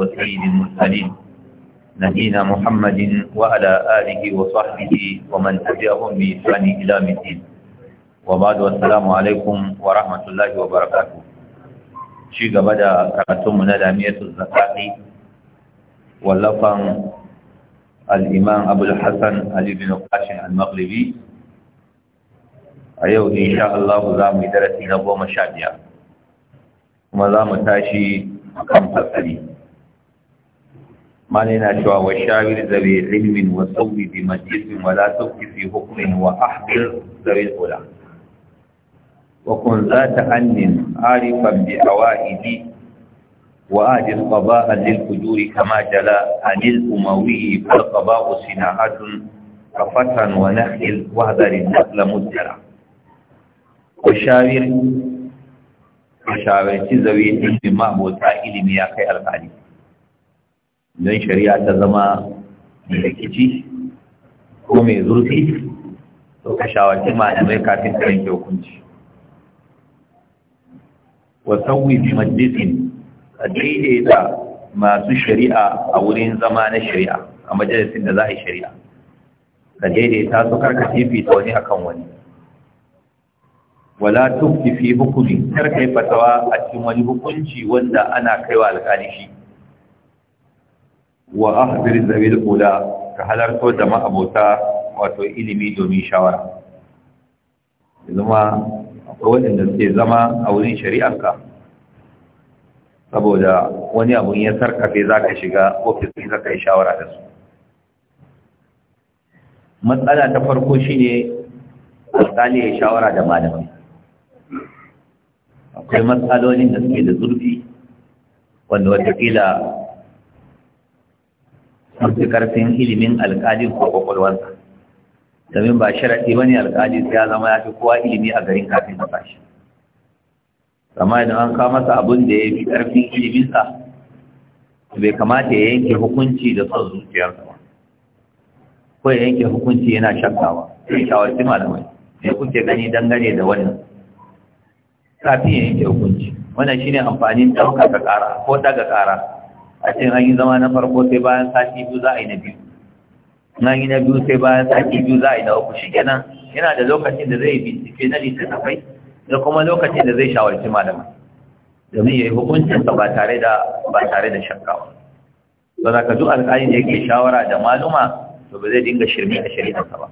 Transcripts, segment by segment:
وسيد المرسلين نبينا محمد وعلى آله وصحبه ومن تبعهم بإحسان إلى الدين وبعد والسلام عليكم ورحمة الله وبركاته شيء بدأ كرتم لامية الزكاة واللفن الإمام أبو الحسن علي بن قاشن المغربي أيوه إن شاء الله زام درسي نبوة مشابهة وما زام تاشي كم تسليم معنى نشوى وشاور ذوي علم وصوب بمجلس ولا تبكي في حكم وأحضر ذوي الأولى وكن ذات أن عارفا بأوائد وآد القضاء للفجور كما جلا عن الأموي فالقضاء صناعة كفتح ونخل وهذا النقل مدرع وشاور وشاور ذوي علم ما هو تائل مياقي الغالب don shari'a ta zama mai rikici ko mai zurfi to ka shawarci malamai kafin ta yanke hukunci wa sauyi bi majlisin a daidaita masu shari'a a wurin zama na shari'a a majalisin da za a yi shari'a ka daidaita su karka ta wani akan wani wala tufti fi hukumi kar kai fatawa a cikin wani hukunci wanda ana kaiwa alƙali shi wa akhbir zawil ula ka halarto da ma'abota wato ilimi domin shawara zama akwai waɗanda suke zama a wurin shari'arka saboda wani abun ya sarkafe za ka shiga ofis za ka yi shawara da su matsala ta farko shi ne alƙali ya shawara da malamai akwai matsalolin da suke da zurfi wanda watakila mafi karfin ilimin alkalin ko kwakwalwarsa domin ba sharaɗi ba ne alkali ya zama ya fi kowa ilimi a garin kafin a fashi amma idan an kawo masa abin da ya fi ƙarfin iliminsa bai kamata ya yanke hukunci da son zuciyar ba ko ya yanke hukunci yana shakawa sai shawarci malamai sai kuke gani dangane da wannan kafin ya yanke hukunci wannan shine amfanin ɗaukaka ƙara ko daga ƙara a ce an yi zama na farko sai bayan sati biyu za a yi na biyu na yi na biyu sai bayan sati biyu za a yi na uku shi kenan yana da lokacin da zai bincike na littattafai da kuma lokacin da zai shawarci malama domin ya yi hukuncinsa ba tare da ba tare da shakka ba don haka duk alƙalin da yake shawara da maluma to ba zai dinga shirme a shari'arsa ba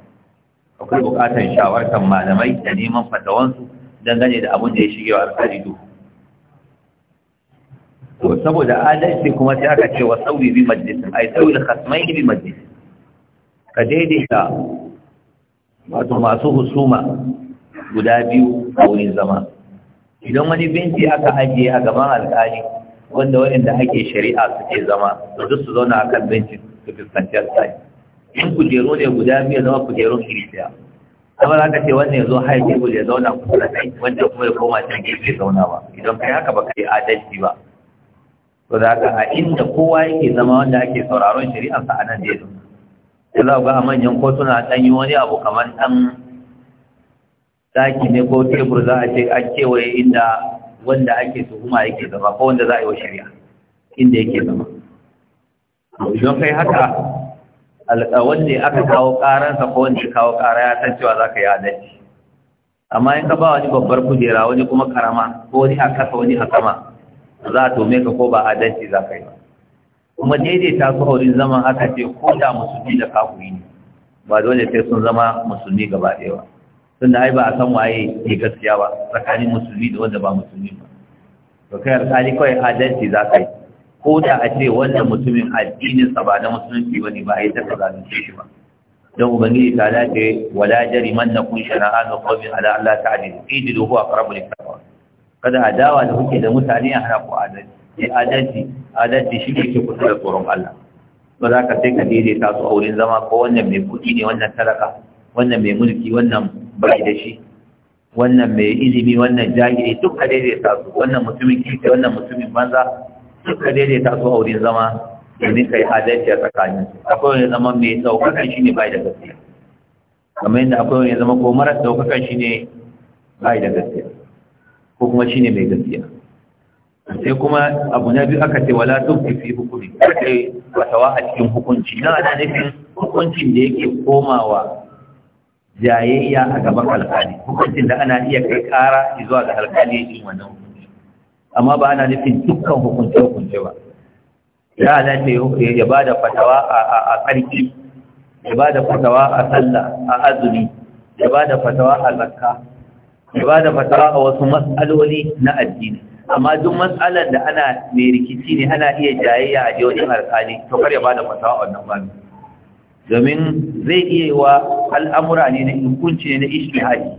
akwai buƙatar shawartar malamai da neman fatawansu dangane da abin da ya shige wa alƙali duhu to saboda adalci kuma sai aka ce wa sauyi bi majlis ai sauyi da khasmai bi majlis ka daidaita wato masu husuma guda biyu a wurin zama idan wani binti aka ajiye a gaban alƙali wanda waɗanda ake shari'a suke zama to duk su zauna a kan binci su fuskanci alƙali in kujeru ne guda biyu zama kujerun iri ɗaya kamar haka ce wannan ya zo haifi ya zauna kusa da kai wanda kuma ya koma can gefe zauna ba idan kai haka ba ka yi adalci ba to da haka a inda kowa yake zama wanda ake sauraron shari'ar sa anan da zama, sai za ku ga a manyan kotuna ɗan yi wani abu kamar ɗan daki ne ko tebur za a ce an kewaye inda wanda ake tuhuma yake zama ko wanda za a yi wa shari'a inda yake zama don kai haka wanda aka kawo ƙararsa ko wanda ya kawo ƙara ya san cewa za ka yi adalci amma in ka ba wani babbar kujera wani kuma karama ko wani a kasa wani a sama za a tome ka ko ba adalci za ka yi ba kuma daidaita su aure zaman aka ce ko da musulmi da kafuri ne ba dole sai sun zama musulmi gaba ɗaya ba tun da ai ba a san waye ke gaskiya ba tsakanin musulmi da wanda ba musulmi ba to kai alƙali kawai adalci za ka yi ko da a ce wanda mutumin sa ba na musulunci ba ne ba a yi ta zalunce shi ba don ubangiji ta dace wala jari man na kun shana'an qawmin ala Allah ta'ala idilu huwa aqrabu lit kada adawa da kuke da mutane a hana ku adadi adalci adalci shi ne ke kusa da tsoron Allah ba za ka sai ka daidaita su a wurin zama ko wannan mai kuɗi ne wannan talaka wannan mai mulki wannan bai da shi wannan mai ilimi wannan jahili duk ka daidaita su wannan mutumin kirki wannan mutumin banza duk ka daidaita su a wurin zama domin yi adalci a tsakanin akwai wani zama mai saukakan shi ne bai da gaskiya kamar yadda akwai wani zama ko mara ɗaukakan shi ne bai da gaskiya ko kuma shi ne mai gaskiya sai kuma abu na biyu aka ce wala tubti fi hukumi kai fatawa a cikin hukunci na ana nufin hukuncin da yake komawa jayayya a gaban alkali hukuncin da ana iya kai kara zuwa ga alkali yin wannan hukunci amma ba ana nufin dukkan hukunci hukunci ba ya ce ya ba da fatawa a tsarki ya ba da fatawa a sallah a azumi ya ba da fatawa a zakka ya ba da fatawa a wasu matsaloli na addini amma duk matsalar da ana mai rikici ne ana iya jayayya a jiyoyin alkali to kar ya ba da fatawa a wannan bani domin zai iya yi wa al'amura ne na hukunci ne na ishtihadi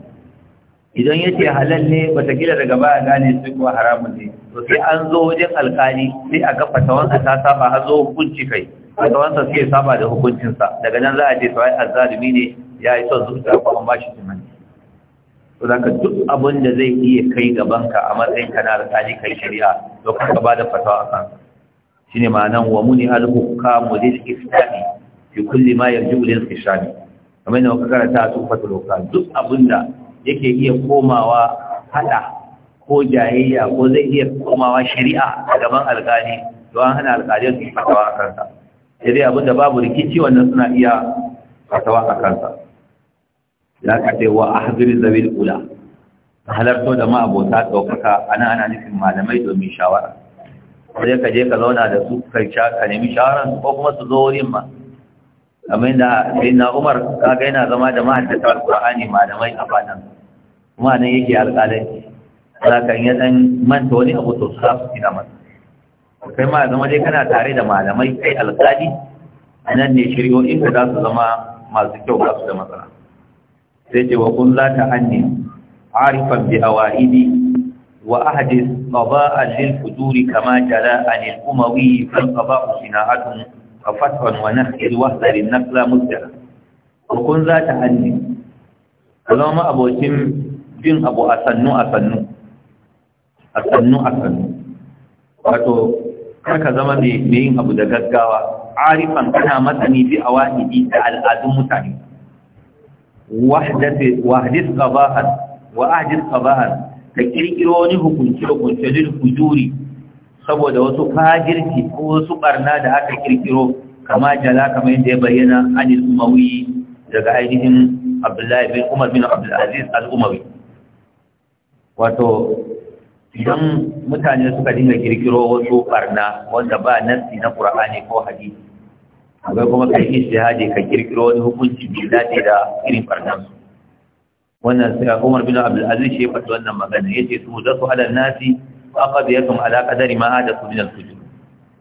idan ya ce halal ne watakila daga baya gane su kuma haramun ne to sai an zo wajen alkali sai a ga fatawansa ta saba a zo hukunci kai fatawansa sai saba da hukuncinsa daga nan za a ce sawai azzalumi ne ya yi son zuciya ko an bashi shi tunani duk abin da zai iya kai gaban ka a matsayin ka na alƙali kai shari'a to ka ba fatawa a kansa shine ma'anan wa muni al-hukamu lil iftani fi kulli ma yarji'u lil iftani kamar yadda ka karanta su tufatul hukam duk abin da yake iya komawa hada ko jayayya ko zai iya komawa shari'a a gaban alƙali to an hana alƙaliyar su fatawa a kansa sai dai abinda babu rikici wannan suna iya fatawa a kansa ya kace wa ahzir zawil ula halarto da ma'abota ɗaukaka ana ana nufin malamai domin shawara sai ka je ka zauna da su kai ka nemi shawara ko kuma su zo wurin ma Amin da sai na umar ga yana zama da mahaddata alqur'ani malamai a fadan kuma nan yake alƙalai. Za kan yi dan manta wani abu to su za su gina masa kai ma zama dai kana tare da malamai kai alƙali nan ne shiryo inda za su zama masu kyau ba su da matsala sai ce wa kun za ta hanni arifan bi awaidi wa ahadis a lil fujuri kama jara anil umawi fal qada'u sina'atun fa fatwan wa nakhil wa hadarin nakla mudda wa kun za ta hanni kuma abokin bin abu a sannu a sannu a sannu a sannu wato karka zama mai yin abu da gaggawa arifan kana masani bi awahidi da al'adun mutane wahdati wahdis qabahan wa ahdis qabahan ka kirkiro wani hukunci kunce lil kujuri saboda wasu fajirci ko wasu barna da aka kirkiro kama jala kamar yadda ya bayyana an umawi daga ainihin Abdullahi bin Umar bin Abdul Aziz al-Umawi wato idan mutane suka dinga kirkiro wasu barna wanda ba nassi na Qur'ani ko hadisi akwai kuma kai ijtihadi ka kirkiro wani hukunci bai dace da irin farkan su wannan sai Umar bin Abdul Aziz shi faɗi wannan magana yace su da su halal nasi aqdiyakum ala qadari ma hada su min al-sujud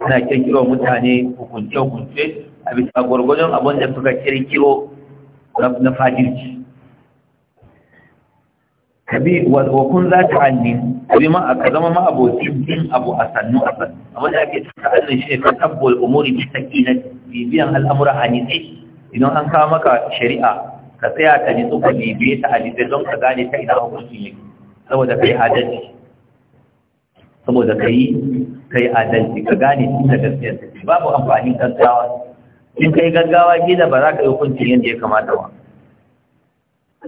ana kirkiro mutane hukunce hukunce a bisa gurgurun abin da suka kirkiro na fajirci kabi wa kun za ta anni kabi ma aka zama ma abokin bin abu a sannu a sannu abin da ake tsakanin shi ne ka tabbol umuri bi sakinati bibiyan al'amura a nitsai idan an kawo maka shari'a ka tsaya ta nitsu ka bibiye ta a nitsai don ka gane ta ina hukunci yake saboda ka yi adalci saboda ka yi ka yi adalci ka gane tun da gaskiyar ta ce babu amfanin gaggawa in ka yi gaggawa gida ba za ka yi hukuncin yadda ya kamata ba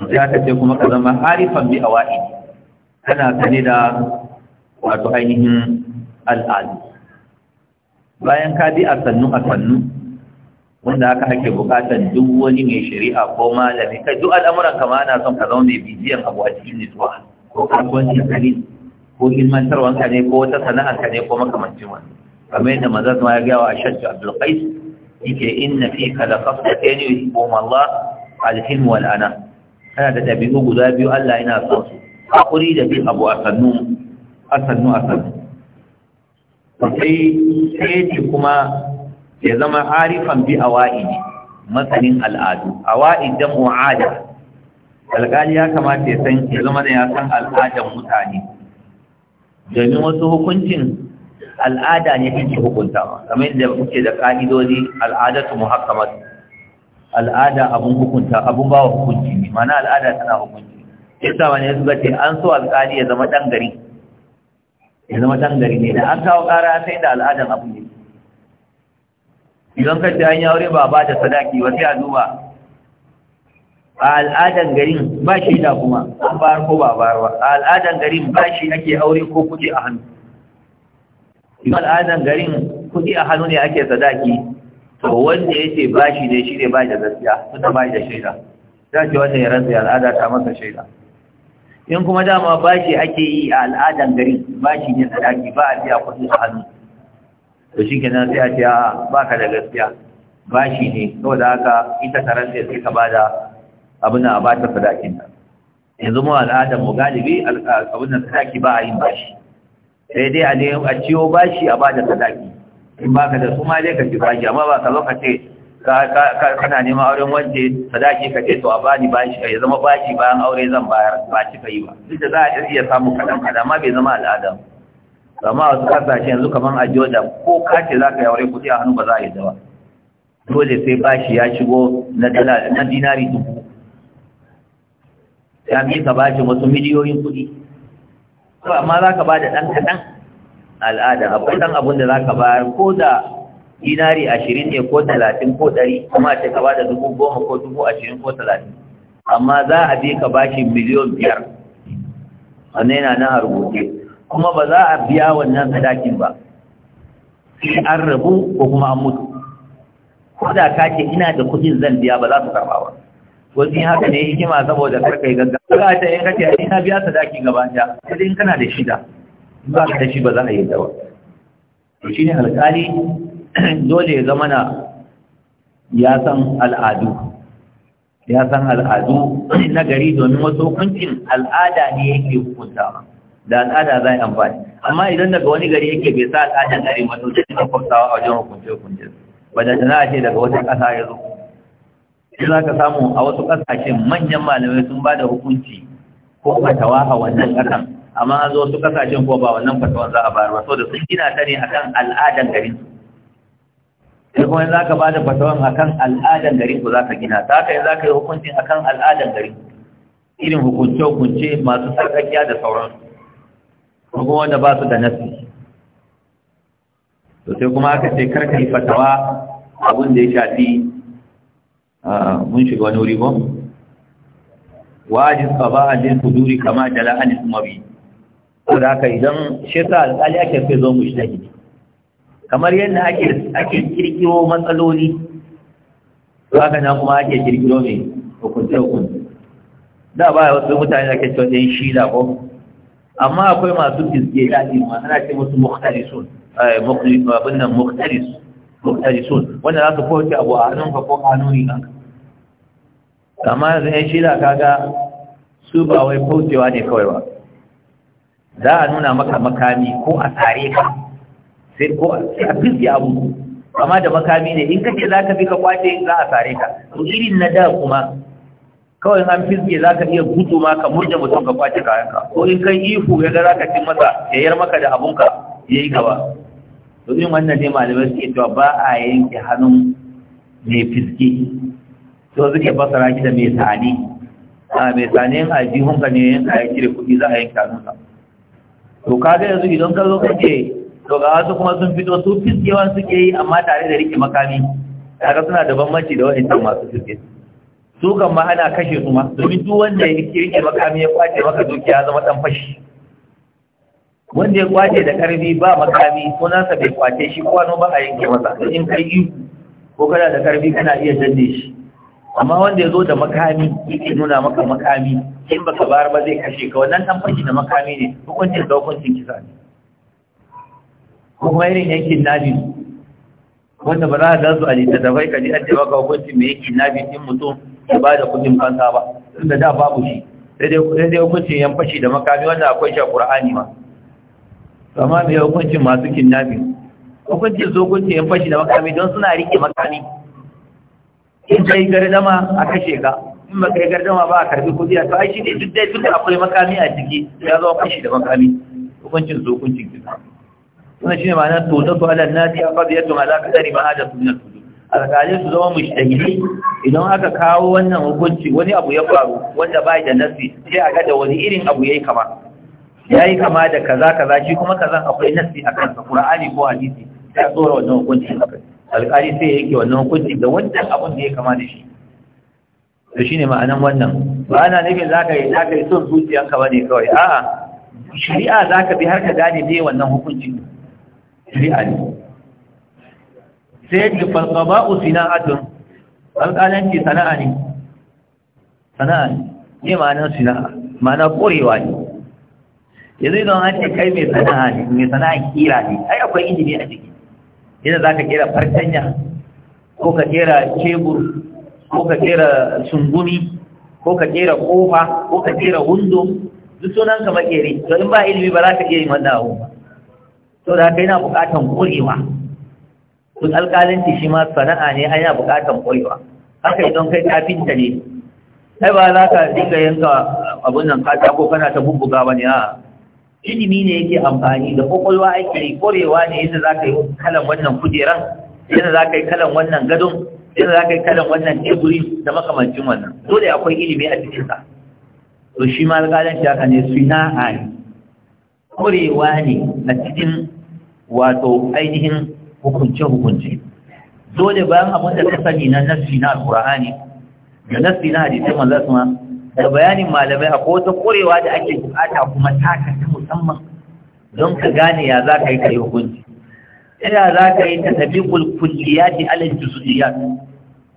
Ya ka ce kuma ka zama harifan bi a wa'i kana sane da wato ainihin al'adu bayan ka bi a sannu a sannu wanda haka ake bukatar duk wani mai shari'a ko malami Ka duk al'amuran kama ana son ka zama mai abu a cikin nutsuwa ko kasuwancin ka ne ko ilmantarwan ka ne ko wata sana'ar ka ne ko makamancin wani kamar yadda manzon zama ya gawa a shaddu abdul qais yake inna fi ka da kafsatayn yuhibbuhum Allah alhim wal ana kana da ɗabi'u guda biyu Allah yana son su hakuri da bin abu a sannu a sannu a sannu sai sai kuma ya zama harifan bi wa'idi matsanin al'adu awa'id da mu'ada alƙali ya kamata ya san ya zama da ya san al'adar mutane domin wasu hukuncin al'ada ne take hukuntawa kamar yadda kuke da ƙa'idodi su muhakkamat al'ada abun hukunta abun ba hukunci ne mana al'ada tana hukunci sa wani ya gace an so alƙali ya zama ɗan gari ya zama ɗan gari ne da an kawo ƙara sai da al'adan abu ne idan ka ce an yi aure ba ba bata sadaki ba sai a duba a al'adan garin ba shi da kuma an bayar ko ba bayar ba a al'adan garin ba shi ake aure ko kuɗi a hannu idan al'adan garin kuɗi a hannu ne ake sadaki to wanda ya ce ba shi ne shi ne ba da gaskiya tunda ba da shaida za ce wanda ya rantsa al'ada ta masa shaida in kuma dama ba shi ake yi a al'adan garin ba shi ne sadaki ba a biya kuɗi a hannu to shi kenan sai a ce a baka da gaskiya bashi ne da haka ita karan sai sai ka bada abin da a ta sadakin ta yanzu mu al'adar mu galibi abin da sadaki ba a yin bashi sai dai a dai a ciwo bashi a bada sadaki in baka da su ma dai ka ci bashi amma ba ka zo ka ce kana neman auren wanda sadaki ka ce to a bani bashi ya zama bashi bayan aure zan bayar ba cika yi ba duk da za a iya samu kaɗan kaɗan ma bai zama al'adar amma wasu kasashe yanzu kamar a jordan ko kace za ka yi aure kuɗi a hannu ba za a yi dawa dole sai bashi ya shigo na dinari dubu ya mi ka bashi wasu miliyoyin kuɗi amma za ka ba da ɗan kaɗan al'ada akwai ɗan abin da za ka bayar ko da dinari ashirin ne ko talatin ko ɗari kuma a ce ka ba da dubu goma ko dubu ashirin ko talatin amma za a bi ka bashi miliyon biyar wannan yana nan a rubuce kuma ba za a biya wannan sadakin ba sai an rabu ko kuma an mutu ko da ka ce ina da kuɗin zan biya ba za su karba ba wasu haka ne hikima saboda karka yi gaggawa ta yin kace a ina biya sadaki gaba ɗaya sai in kana da shida in ba ka da shi ba za a yi dawa to shi ne alƙali dole ya zama na ya san al'adu ya san al'adu na gari domin wasu hukuncin al'ada ne yake hukunta da al'ada za a yi amfani amma idan daga wani gari yake bai sa al'ada gari ma to zai ci kwaftawa a wajen hukunce hukunce ba da tana ce daga wata ƙasa ya zo shi za ka samu a wasu ƙasashen manyan malamai sun ba da hukunci ko fatawa a wannan ƙasan amma an zo wasu ƙasashen ko ba wannan fatawa za a bayar ba saboda sun gina ta ne akan al'adan garin su sai kuma za ka ba da fatawan akan al'adan garin ku za ka gina ta haka za ka yi hukuncin akan al'adan garin irin hukunce-hukunce masu sarƙaƙiya da sauransu ko kuma wanda ba su da nasi to sai kuma aka ce karka yi fatawa abin da ya shafi mun shiga wani wuri ba wajin tsaba a jin kuduri kama da la'anis mabi to da haka idan shi sa alƙali ake fi zo mu shi kamar yadda ake kirkiro matsaloli za ka na kuma ake kirkiro mai hukunce-hukunce da ba wasu mutane da ke cewa ɗin shi da ko amma akwai masu fizge daɗi ma ana ce musu muhtarisun eh, abin nan muhtaris muhtarisun wanda za su kowace abu a hannun ka ko hannuni kan kama yanzu yan shida kaga su ba wai kaucewa ne kawai ba za a nuna maka makami ko a tsare ka sai ko a fizge abu amma da makami ne in kake za ka bi ka kwace za a tsare ka to irin na da kuma kawai an fizge za ka iya gudu ma ka murje mutum ka kwace kayanka ko in kai ihu ya ga za ka cin masa ya yar maka da abunka ya yi gaba domin wannan ne malamai suke cewa ba a yanke hannun mai fizge to suke basara shi da mai sani a mai sani yin aljihunka ne yin a cire kuɗi za a yanke hannunka to ka ga yanzu idan ka zo ka ce to ga wasu kuma sun fito su fizgewa suke yi amma tare da rike makami kaga suna da bambanci da wa'ancan masu fizge dukan ma ana kashe su ma domin duk wanda ya kirke makami ya kwace maka dukiya zama dan fashi wanda ya kwace da karfi ba makami ko nasa bai kwace shi kwano ba a yanke masa in kai yi ko kana da karfi kana iya danne shi amma wanda ya zo da makami yake nuna maka makami in baka bayar ba zai kashe ka wannan dan fashi da makami ne hukuncin da cikin kisa ne kuma irin yankin nadi wanda ba za a dasu a littattafai ka ji an ce baka hukunci mai yake na bikin mutum ya ba da kudin fansa ba tunda da babu shi sai dai hukuncin yan fashi da makami wanda akwai shi a ƙura'ani ma amma mai hukuncin masu kidnapping hukuncin su hukuncin yan fashi da makami don suna rike makami in kai gardama a kashe ka in ba kai gardama ba a karbi kudi a to ai shi ne duk dai duk akwai makami a ciki ya zama fashi da makami hukuncin su hukuncin kisa. wannan shine ma'ana to da to ala nasi aqdiyatu ala yadda ma hada a tsakanin su zama mushtahidai idan aka kawo wannan hukunci wani abu ya faru wanda ba da nasi sai a ga da wani irin abu ya yi kama Ya yi kama da kaza kaza shi kuma kazan akwai nasi a kan kansa qur'ani ko hadisi ya tsora wannan hukunci alƙali sai yake wannan hukunci da wannan abun da ya kama da shi to shine ma'anan wannan ba ana nufin za yi zaka yi son zuciyanka ne kawai a'a shari'a za ka bi har ka gane dai wannan hukuncin shari'a ne sai da falqaba'u sana'atun alƙalanci sana'a ne sana'a ne ne ma'anar sana'a ma'ana korewa ne yanzu idan an ce kai mai sana'a ne mai sana'a kira ne ai akwai injini a ciki yadda za ka kera fartanya ko ka kera cebur ko ka kera sungumi ko ka kera kofa ko ka kera wundo duk sunan ka makere to in ba ilimi ba za ka iya yin wannan abu ba to da kai na bukatan korewa duk alƙalanci shi ma sana'a ne ai yana bukatan korewa haka idan kai kafinta ne Sai ba za ka dinga yanka abun nan katako kana ta bubbuga ba ne ilimi ne yake amfani da ƙwaƙwalwa ake yi korewa ne yadda za ka yi kalan wannan kujeran yadda za ka yi kalan wannan gadon yadda za ka yi kalan wannan teburi da makamancin wannan dole akwai ilimi a cikinsa to shi ma alƙalanci haka ne suna a ne Korewa ne a cikin wato ainihin hukunce-hukunce dole bayan abin da ka sani na nasi na alkur'ani da nasi na hadisai manzo sama da bayanin malamai akwai wata korewa da ake bukata kuma taka ta musamman don ka gane ya za ka yi kai hukunci ina za ka yi ta tafi ce alin juziyat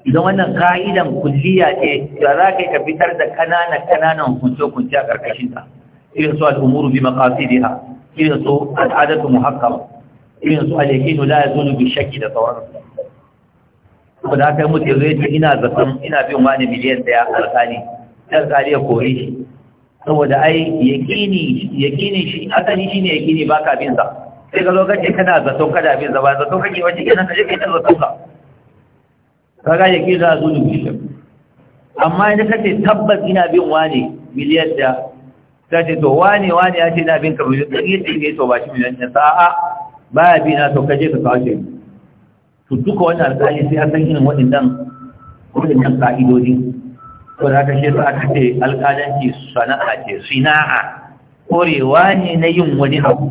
idan wannan ka'idan kulliya ce ya za ka yi ka fitar da kananan kananan hukunce-hukunce a ƙarƙashin ta irin su al'umuru bi maqasidiha irin su al'adatu muhakkama irin su al-yaqinu la yazunu bi shakki da sauransu ko da kai mutum zai ce ina zaton ina bin wani miliyan daya alƙali alƙali ya kori shi saboda ai yaqini yaqini shi asali shine yaqini baka bin sa sai ga lokacin kana zaton kada bin sa ba zaton kake wace kenan kaje ta zaton ka ga yaqini la yazunu bi shakki amma idan kace tabbas ina bin wani miliyan daya ta ce to wane Wani ya ce na bin ka miliyan ɗari da ya to ba shi miliyan ɗin sa'a ba ya bi na to ka je ka kawo shi to duka wani alƙali sai a san irin waɗannan waɗannan ƙa'idodi to da aka shirya aka ce alƙalanci sana'a ce sina'a ƙorewa ne na yin wani abu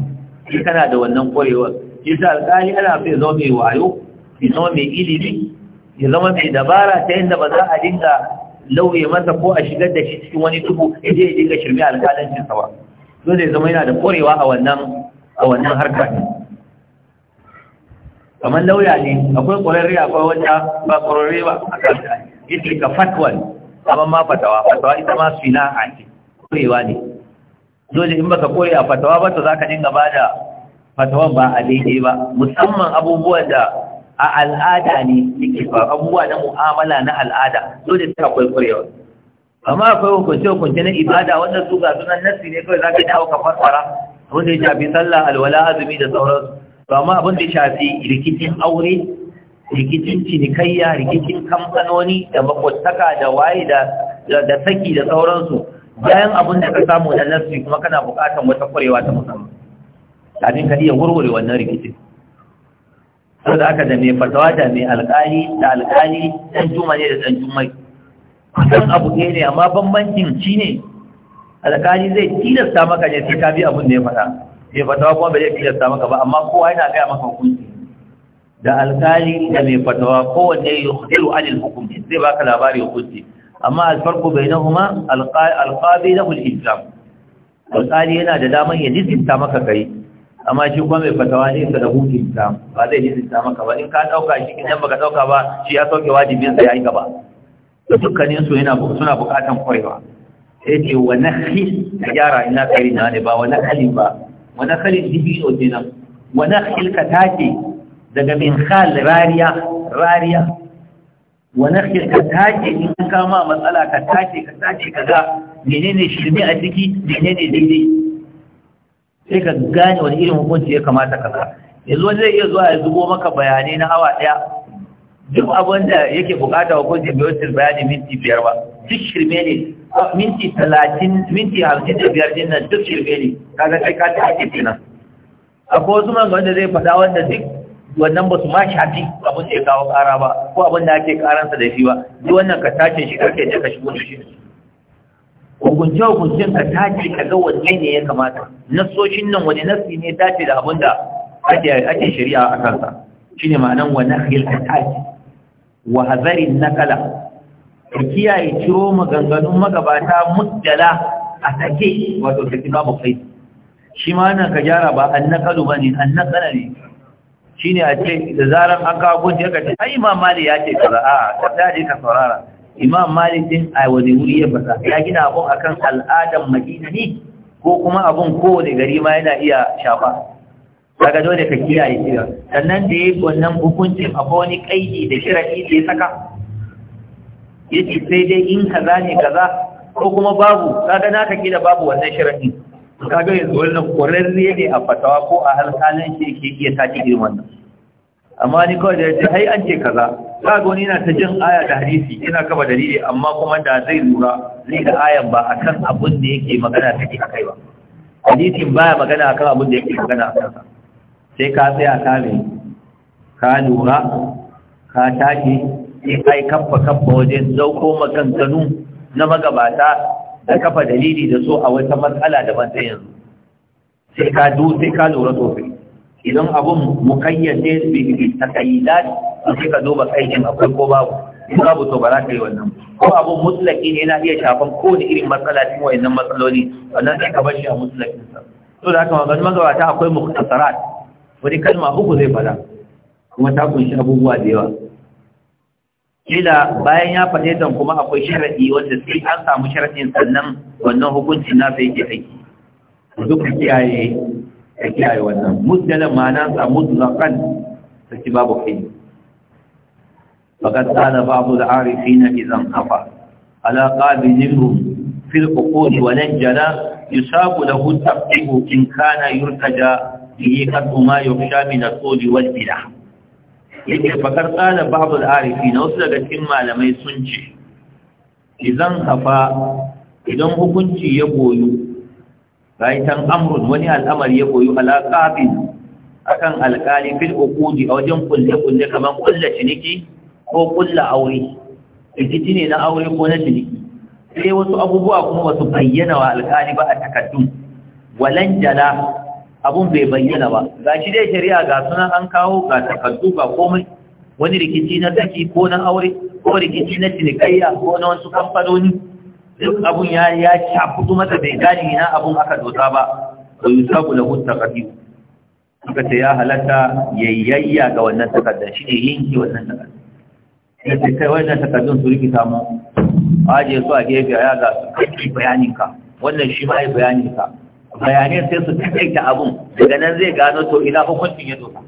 shi kana da wannan ƙorewar shi ta alƙali ana fi zama mai wayo ya zama mai ilimi ya zama mai dabara ta yadda ba za a dinga lauye masa ko a shigar da shi cikin wani tubu ya je ya dinga shirme alƙalancin sa ba zai zama yana da korewa a wannan a wannan harka ne kamar lauya ne akwai ƙwararre akwai wanda ba ƙwararre ba a kanta yake ka fatwa amma ma fatawa fatawa ita ma a ce korewa ne dole in baka kore a fatawa ba to zaka dinga bada fatawan ba a daidai ba musamman abubuwan da a al'ada ne yake ba abubuwa na mu'amala na al'ada dole tana kwaikwarewa amma akwai hukunce hukunce na ibada wanda su ga sunan nasi ne kawai zaka dawo ka fassara abin da ya shafi sallah alwala azumi da sauransu to amma abin da ya shafi rikicin aure rikicin cinikayya rikicin kamfanoni da makwataka da waye da saki da sauransu bayan abin da ka samu na nasi kuma kana buƙatar wata kwarewa ta musamman kafin ka iya warware wannan rikicin sau da aka da mai fatawa da mai alƙali da alƙali ɗan juma ne da ɗan jumai kusan abu ɗaya ne amma bambancin shi ne alƙali zai tilasta maka ne sai ka bi abin da ya faɗa mai fatawa kuma bai zai tilasta maka ba amma kowa yana gaya maka hukunci da alƙali da mai fatawa kowanne ya hudu anil hukunci zai baka labari hukunci amma alfarko bai na huma alƙali na hulislam alƙali yana da damar ya lizinta maka kai amma shi kuma mai fatawa ne sa da hukunta ba zai ta maka ba in ka dauka shi kin baka dauka ba shi ya sauke wajibin sa yayi gaba to dukkanin su yana suna bukatan koyewa sai ce wa nahi ya gyara ina kai na ne ba wa nahli ba wa nahli dibi o dina wa nahil ka take daga min khal rariya rariya wa nahil ka take in ka ma matsala ka take ka take kaza menene shirme a ciki menene daidai sai ka gane wani irin hukunci ya kamata ka sa yanzu wani zai iya zuwa ya zubo maka bayanai na awa ɗaya duk abin da yake bukata hukunci bai wuce bayani minti biyar ba duk shirme ne minti talatin minti hamsin da biyar din nan duk shirme ne kaga kai ka ta ake kenan akwai wasu man wanda zai faɗa wanda duk wannan ba su ma shafi abin da ya kawo ƙara ba ko abin da ake ƙaransa da shi ba duk wannan ka tace shi ka da ka shigo da shi hukunce hukuncen ka tace ka ga wanne ne ya kamata nasoshin nan wani nasi ne tace da abin da ake shari'a a kansa ne ma'anan wa nakhil ka tace wa hazari nakala ka kiyaye ciro maganganun magabata muddala a take wato take babu kai shi ma nan ka gyara ba an nakalu ne an nakala ne ne a ce da zaran an kawo ya ka ce ai ma mali ya ce kaza a ka dade ka saurara imam malik din a wani wuri ya fasa ya gina abun akan al'adan madina ne ko kuma abun kowane gari ma yana iya shafa daga dole ka kiyaye shi sannan da yake wannan hukuncin akwai wani kaidi da shari'i da ya saka yace sai dai in kaza ne kaza ko kuma babu kaga naka kida babu wannan shari'i kaga yanzu wannan ƙwararre ne a fatawa ko a halkalin shi yake iya tashi irin wannan amma ni kawai da yace hai an ce kaza ka ga wani yana ta jin aya da hadisi yana kaba dalili amma kuma da zai lura zai da ayan ba akan abin da yake magana ke kai ba hadisin baya magana a kan abin da yake magana a kansa sai ka tsaya ka me ka lura ka tashi sai ka yi kaffa kaffa wajen zauko maganganu na magabata da kafa dalili da so a wata matsala daban ta yanzu sai ka du sai ka lura sosai idan abun mukayyade bi takayyidat sai ka duba aikin akwai ko babu babu to ba za ka yi wannan ko abun mutlaki ne yana iya shafan kowane irin matsala cikin wayannan matsaloli wannan sai ka bar shi a mutlakin sa to da haka magana magabata akwai muktasarat wani kalma uku zai fada kuma ta kunshi abubuwa da yawa kila bayan ya fade dan kuma akwai sharadi wanda sai an samu sharadin sannan wannan hukuncin na sai yake aiki duk kiyaye ka kiyaye wannan muddalan ma'ana sa mutlaqan saki babu kai فقد قال بعض العارفين إذا انخفى على قابل في العقول ونجلا يصاب له kana yurtaja, كان يرتجى به قد ما يخشى من الطول والبلع yake fakar tsada babu al'arifi na wasu daga cikin malamai sun ce idan hafa idan hukunci ya boyu sai tan amrun wani al'amari ya koyi ala akan alkali fil uqudi a wajen kulle kulle kaman kulle ciniki ko kulle aure rikici ne na aure ko na ciniki sai wasu abubuwa kuma wasu bayyana wa alkali ba a takaddun walan jala abun bai bayyana ba gashi dai shari'a ga sunan an kawo ga takaddu ga komai wani rikici na saki ko na aure ko rikici na cinikayya ko na wasu kamfanoni duk abun ya ya shafutu mata bai gani na abun aka dosa ba to yusabu lahu taqdim suka ce ya halatta yayayya ga wannan takardar ne yinki wannan takardar sai ce kai wannan takardun su rikita mu aje su a gefe ya ga kai bayanin ka wannan shi ma ai bayanin ka bayanai sai su takaita abun daga nan zai gano to ina hukuncin ya dosa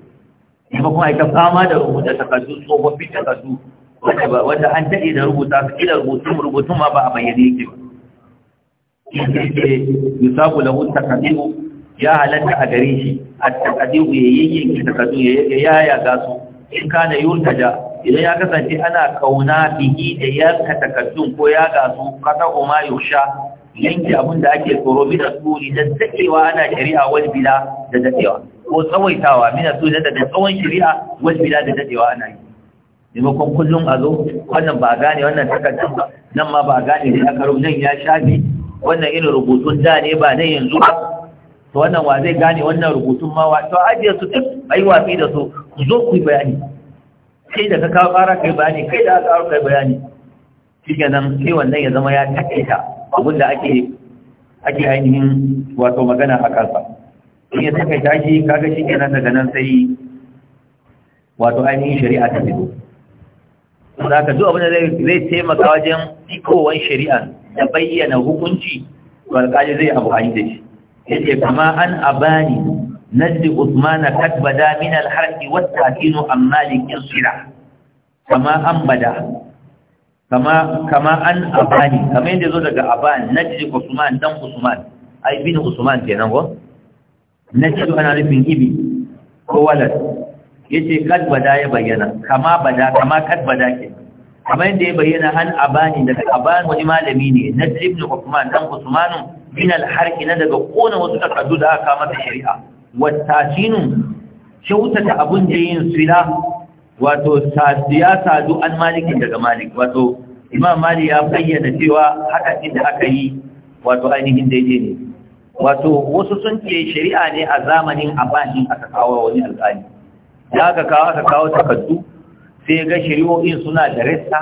kuma kuma ta fama da rubuta takardu tsofaffin takardu wanda an daɗe da rubuta su ƙila rubutun rubutun ma ba a bayyane yake ba yake yusabu lahu takadiru ya halatta a gare shi a takadiru ya yayyanki takadu ya yaya gasu in ka kana ja. idan ya kasance ana kauna bihi da yanka takadun ko ya gasu kada umma yusha yanke abin da ake tsoro Min da tsuri da daɗewa ana shari'a wal bila da daɗewa ko tsawaitawa mina su da tsawon shari'a wal bila da daɗewa ana yi maimakon kullum a zo wannan ba a gane wannan takardar ba nan ma ba a gane da aka nan ya shafi wannan irin rubutun da ne ba na yanzu ba to wannan wa zai gane wannan rubutun ma wa to ajiye su duk ai wafi da su ku zo ku yi bayani kai da ka kawo ƙara kai bayani kai da aka kawo kai bayani ke nan sai wannan ya zama ya take ta, abin da ake ake ainihin wato magana a kansa in ya ta shi kaga shi nan daga nan sai wato ainihin shari'a ta fito za ka duk abin zai taimaka wajen ikowar shari'a da bayyana hukunci to alƙali zai amfani da shi yace kama an abani naddi usmana kad bada min al-harqi wa takinu am malikin sira kama an bada kama an abani kama yadda zo daga aban naddi usman dan usman ai bin usman ke kenan ko naddi ana rufin ibi ko walad yace kad bada ya bayyana kama bada kama kad bada ke kamar yadda ya bayyana an abani daga abani wani malami ne na ibn Uthman dan Uthman bin al harith ne daga kona wasu takaddu da aka masa shari'a wa shauta kyautata abun da yin sila wato ya sadu an malikin daga malik wato imam mali ya bayyana cewa haka inda aka yi wato ainihin daidai ne wato wasu sun ce shari'a ne a zamanin abani aka kawo wani alƙali da aka kawo aka kawo takaddu sai ga shari'o'in suna da rissa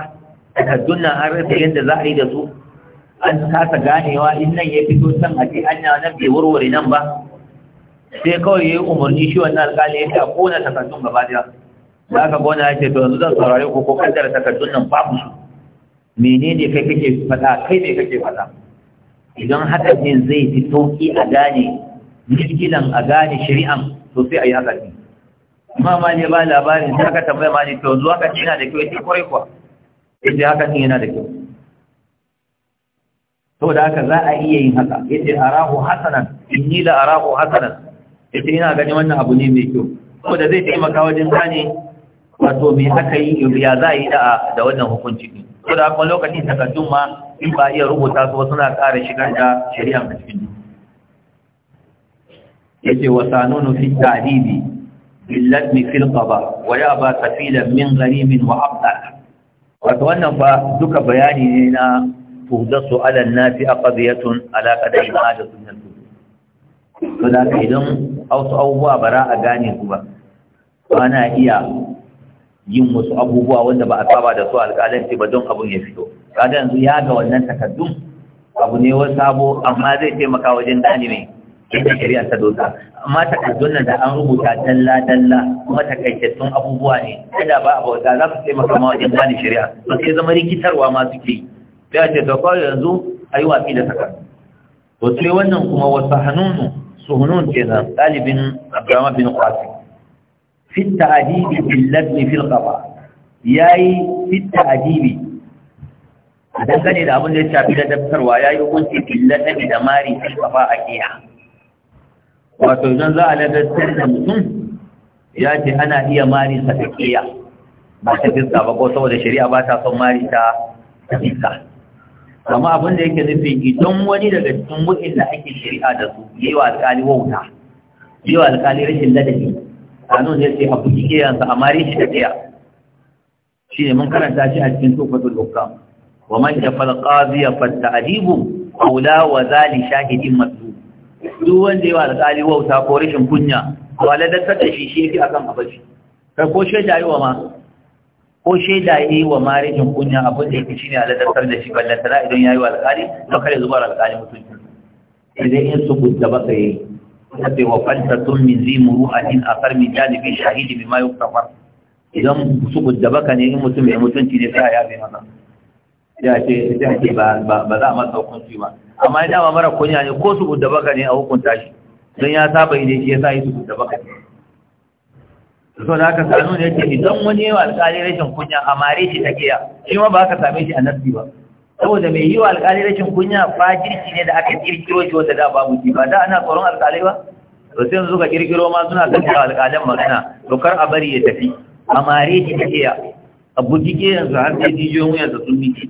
takaddun nan an rasa yadda za a yi da su an kasa ganewa in nan ya fito can a ce an nan bai warware nan ba sai kawai ya yi umarni shi wannan alƙali ya ta kona takardun gaba daya da aka gona ya ce to yanzu zan saurare ku ko kaddara takardun nan babu su menene kai kake faɗa kai ne kake faɗa idan haka ne zai fi sauƙi a gane miskilan a gane shari'an to sai a yi hakan ne mama ne ba labarin sai aka tambaya ma ne to zuwa ka yana da kyau yake kwarai kuwa yace haka ne yana da kyau to da haka za a iya yin haka yace arahu hasanan da la arahu hasanan yace ina gani wannan abu ne mai kyau ko da zai taimaka wajen gane wato me aka yi ya za a yi da da wannan hukunci din ko da kuma lokacin takaddun ma in ba iya rubuta su suna ƙara shigar da shari'a a cikin yace wa fi ta'dibi illatni fil qada wa ya ba safilan min ghanimin wa abdal wato wannan ba, duka bayani ne na fuda su ala nafi aqdiyatun ala qadai hada sunnan to da idan aw su abubuwa bara a gane su ba ana iya yin wasu abubuwa wanda ba a saba da su alƙalanci ba don abun ya fito kaga yanzu ya ga wannan takaddun abu ne wa sabo amma zai taimaka wajen gane mai yadda shari'a ta dota amma takardun nan da an rubuta dalla dalla kuma takaitattun abubuwa ne kada ba a bauta za su taimaka ma wajen gane shari'a Ba sai zama rikitarwa ma suke ya ce da kawai yanzu a yi watsi da takardu to sai wannan kuma wasu hanunu su hunun ce nan ɗalibin abdurrahman bin kwasi fi ta'adibi bil ladni fil Ya qada yayi fi ta'adibi dangane da abin da ya shafi da daftarwa yi hukunci bil ladni da mari fil qada a kiyaye wato idan za a ladabtar da mutum ya ce ana iya mari sa ta kiya ba ta fiska ba ko saboda shari'a ba ta son mari ta fiska amma abin da yake nufi idan wani daga cikin mu'in da ake shari'a da su yi wa alƙali wauta yi wa alƙali rashin ladabi kanun ya ce a kuki kiyansa a mari shi ta kiya shi ne mun karanta shi a cikin tofatul hukam wa man jafa alqaziya a ribu? aula wa zali shahidin matlub duk wanda wa alƙali wauta ko rashin kunya ba ladantar da shi shi kan abaci kai ko shaida yi wa ma ko shaida yi wa ma rashin kunya abin da yake a ladantar da shi ballantana idan yi wa alƙali ta kare zubar alƙali mutunci idan in su gudda baka yi sabbi wa tun min zi a asar min janibi shahidi bima yuktafar idan su gudda baka ne in mutum mai mutunci ne sai a fi maka ya ce ba za a masa hukunci ba amma ya dama mara kunya ne ko su gudda baka ne a hukunta shi don ya saba ne shi ya sa yi su gudda baka ne so da aka sanu ne yake idan wani yawa alƙali rashin kunya a mare shi takiya shi ma ba ka same shi a nasi ba saboda mai yi wa alƙali rashin kunya girki ne da aka kirkiro shi wanda da babu shi ba da ana tsoron alƙalai ba to sai suka kirkiro ma suna gaskiya alƙalin magana to kar a bari ya tafi a mare shi takiya a bujike yanzu har sai jijiyoyin yanzu sun miƙe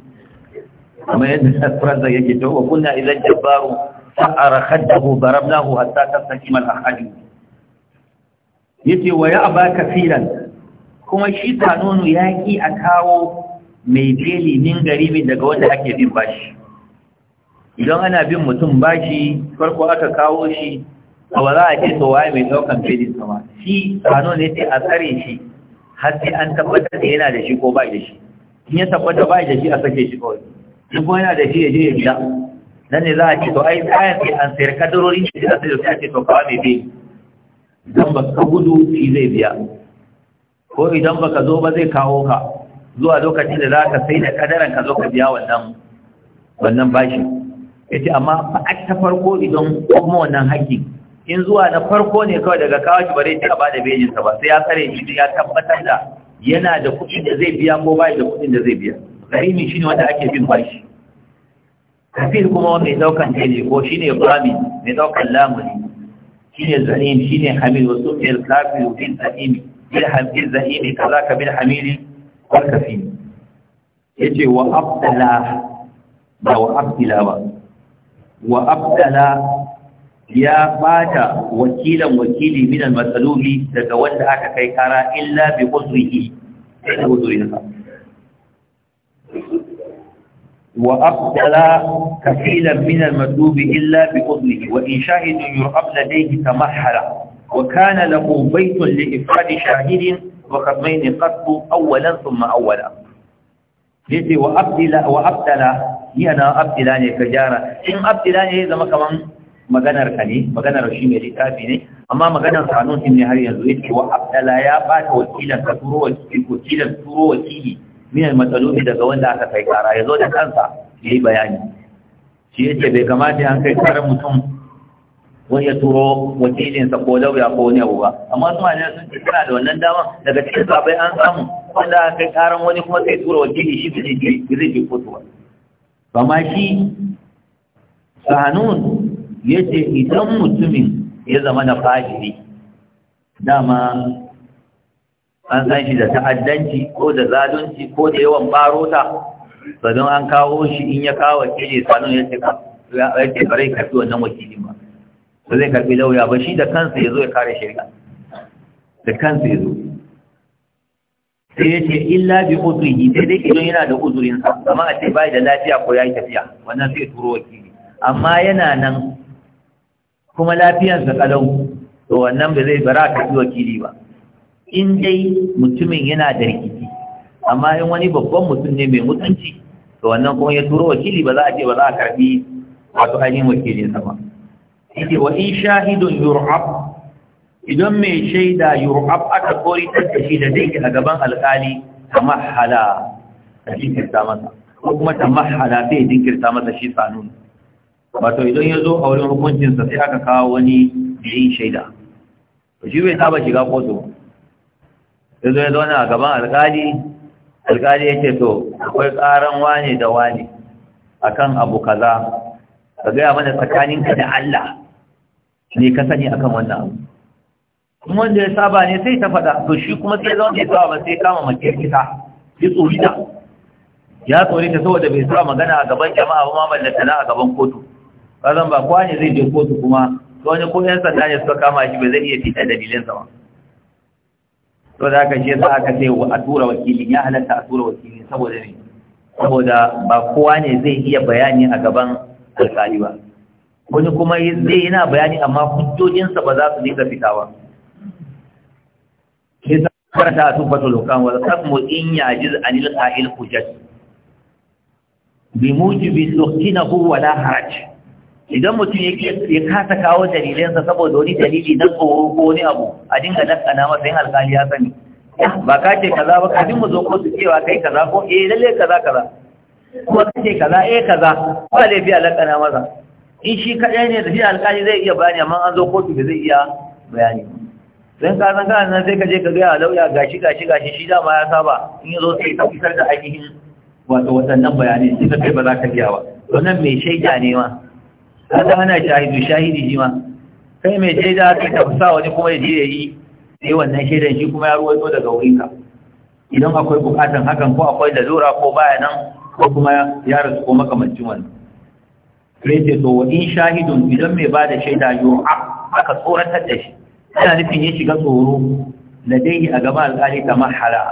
kamar yadda faransa yake to wa kunna idan jabbaru sa'ara khadahu darabnahu hatta tasqima al-ahadi yace wa ya aba kafiran kuma shi tanunu yaki a kawo mai beli min garibi daga wanda ake bin bashi idan ana bin mutum bashi farko aka kawo shi a za a ce to waye mai daukan belin sama shi tanun ne sai a tsare shi har sai an tabbatar da yana da shi ko ba da shi in ya tabbata ba da shi a sake shi kawai duk wani da shi ya biya nan ne za a ce to ai kayan sai an sayar kadarori shi da sai sai ce to kawai mai bi dan ba ka gudu shi zai biya ko idan baka zo ba zai kawo ka zuwa lokacin da za ka sai da kadaran ka zo ka biya wannan wannan bashi yace amma fa ta farko idan kuma wannan haƙƙi in zuwa na farko ne kawai daga kawo shi bare ta bada da bejinsa ba sai ya tsare shi ya tabbatar da yana da kuɗi da zai biya ko bai da kuɗin da zai biya karimi shine wanda ake bin bashi kafir kuma mai daukan jeli ko shine burami mai daukan lamuni shine zalim shine hamil wasu fil kafir bin zalim bil hamil zalim kaza ka bin hamil wal kafir yace wa abdala ba wa abdila ba wa abdala ya bata wakilan wakili min al-masalubi daga wanda aka kai kara illa bi uzrihi sai da uzrinsa وأبدل كفيلا من المطلوب إلا بأذنه وإن شاهد يرهب لديه تمحل وكان له بيت لإفراد شاهد وقدمين قصد أولا ثم أولا يجي وأبدل وأبدل yana abdila ne ka gyara in abdila ne zama kamar maganarka ne maganar shi mai littafi ne amma maganar kanun din ne har yanzu yake wa abdala ya bata wakilan turo wakili miyar matsaloli daga wanda aka kai kara ya zo da kansa ya yi bayani shi yake bai kamata an kai karar mutum wani ya turo wakilinsa ko lauya ko wani abu ba amma su ne sun ce suna da wannan daman daga cikin sabai an samu wanda aka kai karar wani kuma sai turo wakili shi bai zai je kotu ba amma shi sanun ya ce idan mutumin ya zama na fajiri dama an san shi da ta'addanci ko da zalunci ko da yawan barota Ba don an kawo shi in ya kawo wakili sanon ya ce ba zai karfi wannan wakili ba ba zai karfi lauya ba shi da kansa ya zo ya kare shari'a da kansa ya zo sai ya ce illa bi uzuri sai dai idan yana da sa amma a ce bai da lafiya ko ya yi tafiya wannan sai turo wakili amma yana nan kuma lafiyarsa kalau to wannan ba zai bara ka yi wakili ba in dai mutumin yana da rikici amma in wani babban mutum ne mai mutunci to wannan kuma ya turo wakili ba za a ce ba za a karbi wato ainihin wakilin sa ba yake wa in shahidun yur'ab idan mai shaida yur'ab aka kori da shi da dai a gaban alkali tamahala a jinkirta masa ko kuma tamahala sai jinkirta masa shi sanu wato idan ya zo a wurin hukuncinsa sai aka kawo wani da yin shaida shi bai saba shiga kotu yanzu ya zauna a gaban alƙali alƙali ya ce to akwai ƙaran wane da wane akan abu kaza ka gaya mana tsakaninka da Allah ne ka sani akan wannan abu kuma wanda ya saba ne sai ta faɗa to shi kuma sai zaune ya saba sai kama mace kita ya tsori ta ya tsori ta saboda bai sa magana a gaban jama'a ba ma ballanta na a gaban kotu zan ba kowa ne zai je kotu kuma wani ko yan sanda ne suka kama shi bai zai iya fita dalilinsa ba to da aka shi za aka ce a tura wakilin ya halatta a tura wakilin saboda ne saboda ba kowa ne zai iya bayani a gaban alkali ba wani kuma zai yana bayani amma hujjojinsa ba za su fita fitawa sai karanta a tubbatul hukam wa qasmu in ji anil qa'il hujjaj bi mujibi suqtinahu wala haraj idan mutum ya kasa kawo dalilinsa saboda wani dalili na tsoro ko wani abu a dinga dakana masa yin alkali ya sani ba ka ce kaza ba kafin mu zo kotu cewa kai kaza ko eh lalle kaza kaza kuma ka ce kaza eh kaza ba laifi a lakana maza in shi kaɗai ne da shi alkali zai iya bayani amma an zo kotu su zai iya bayani don ka san kana nan sai ka je ka gaya lauya gashi gashi gashi shi dama ya saba in ya zo sai ka fitar da ainihin wato waɗannan bayanai sai ka kai ba za ka biya ba wannan mai shaida ne ma hada ana shahidu shahidi shi ma kai mai shaida da aka fasa wani kuma ya je ya yi sai wannan shaidan shi kuma ya ruwaito daga wurinka idan akwai bukatan hakan ko akwai lalura ko baya nan ko kuma ya rasu ko makamancin wani. sai ce to wa in shahidun idan mai bada shaida a aka tsoratar da shi yana nufin ya shiga tsoro dai a gaba alƙali ta mahala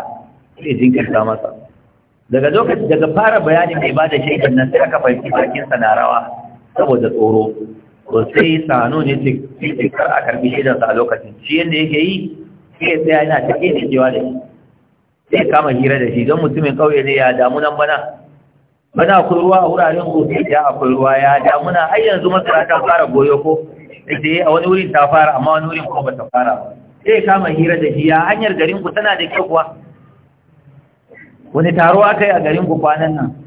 sai jinkirta masa daga lokaci daga fara bayanin mai bada shaidan nan sai aka fahimci bakin sa na rawa saboda tsoro to sai sano ne ce kar a karbi sa a lokacin shi yadda yake yi sai tsaya yana ta da cewa da shi sai kama hira da shi don mutumin kauye ne ya damu nan bana bana akwai ruwa a wuraren hoto ya akwai ruwa ya damu na har yanzu masara ta fara goyo ko da eh, a wani wurin ta fara amma wani wurin kuma ba ta fara ba sai kama hira da shi ya hanyar garin ku tana da kyau kuwa wani taro aka yi a garin ku kwanan nan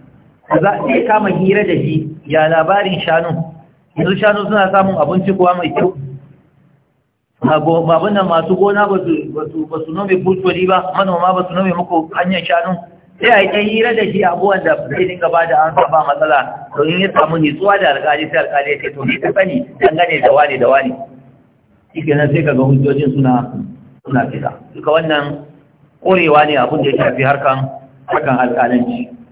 za a iya kama hira da shi ya labarin shanu yanzu shanu suna samun abinci kuwa mai kyau babin nan masu gona ba su nome burtoli ba manoma ba su nome muku hanyar shanu sai a yi ɗan hira da shi abuwan da zai dinga ba da an ba matsala domin ya samu nitsuwa da alkali sai alkali ya ce to ne ta sani dangane da wani da wani shi kenan sai kaga hujjojin suna suna fita duka wannan korewa ne abin da ya shafi harkan harkan alkalanci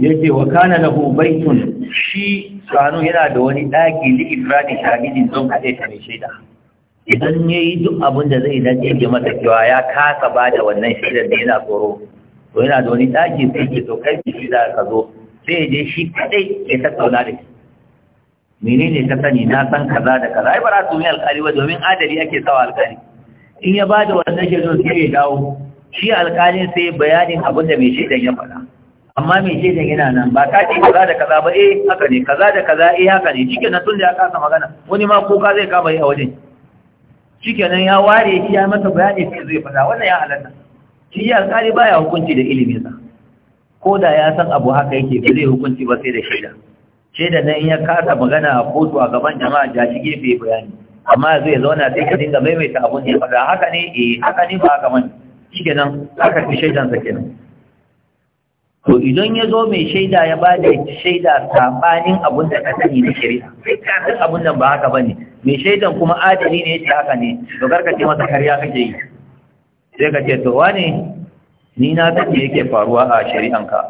yake wa kana na hubaitun shi sanu yana da wani daki li ifradi shahidin don kaɗai ta mai shaida idan ya yi duk abin da zai dace yake masa cewa ya kasa ba da wannan shaidar da yana tsoro to yana da wani daki sai ke so kai shi da ka zo sai je shi kaɗai ya tattauna da shi menene ka sani na san kaza da kaza ai ba za su yi alƙali ba domin adali ake sawa alƙali in ya ba da wannan shaidar sai ya dawo shi alƙalin sai bayanin abin da mai shaidar ya faɗa amma mai da yana nan ba ka ce kaza da kaza ba eh haka ne kaza da kaza eh haka ne shike nan tun da ya kasa magana wani ma kuka zai kama yi a wajen shike nan ya ware shi ya masa bayani sai zai fada wannan ya halatta shi ya kare baya hukunci da ilimin sa ko da ya san abu haka yake ba zai hukunci ba sai da shaida shaida nan ya kasa magana a kotu a gaban jama'a da shi gefe bayani amma zai zauna sai ka dinga maimaita abun da ya fada haka ne eh haka ne ba haka ne, shike nan haka fi shaidan sa kenan to idan ya zo mai shaida ya ba da shaida saɓanin abin da ka sani na shari'a sai ka san abin da ba haka ba ne mai shaidan kuma adali ne yake haka ne to karka ce masa karya kake yi sai ka ce to wane ni na san me yake faruwa a shari'anka